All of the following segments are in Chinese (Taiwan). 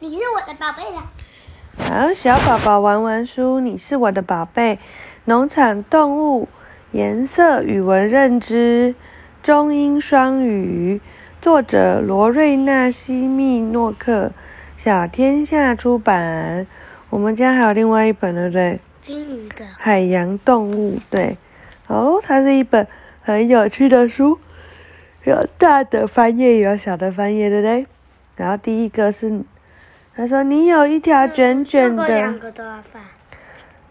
你是我的寶貝啦。好，小寶寶玩玩書，你是我的寶貝。農場動物，顏色，語文認知，中英雙語。作者羅瑞娜希蜜諾維克，小天下出版。我們家還有另外一本，對不對？鯨魚的海洋動物，對。哦，它是一本很有趣的書，有大的翻頁，有小的翻頁，對不對？然後第一個是。他說：“你有一條捲捲的，嗯嗯、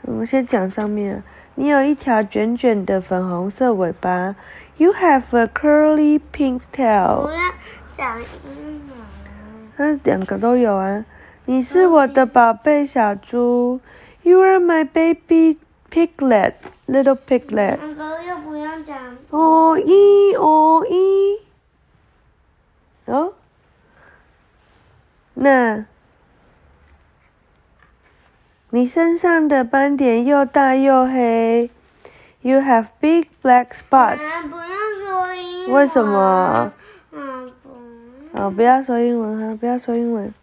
我們先講上面。你有一條捲捲的粉紅色尾巴。You have a curly pink tail，啊。不要講英文。他兩個都有啊。你是我的寶貝小豬。You are my baby piglet, little piglet。兩個都不用講。哦一哦一。哦，那。”你身上的斑點又大又黑，You have big black spots，啊。為什麼，啊？哦，不要說英文哈，不要說英文。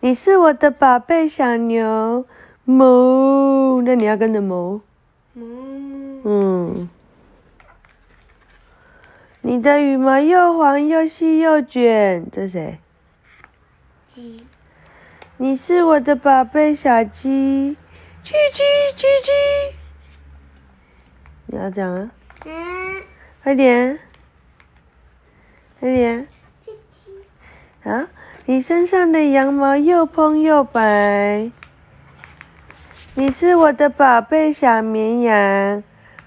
你是我的寶貝小牛，哞，那你要跟着哞。哞。嗯。你的羽毛又黃又細又捲，這是誰？雞。你是我的寶貝小雞，嘰嘰嘰嘰。你要講啊？嗯。快點，快點。嘰嘰。啊！你身上的羊毛又蓬又白。你是我的寶貝小綿羊，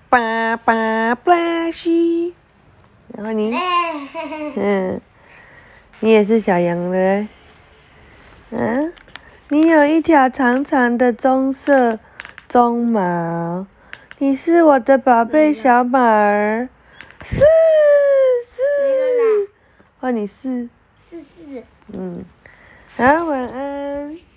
吧吧巴西。然後你嗯？嗯。你也是小羊咩？嗯。啊你有一條長長的棕色鬃毛，你是我的寶貝小馬兒，四四，換你是四四，嗯，好，晚安。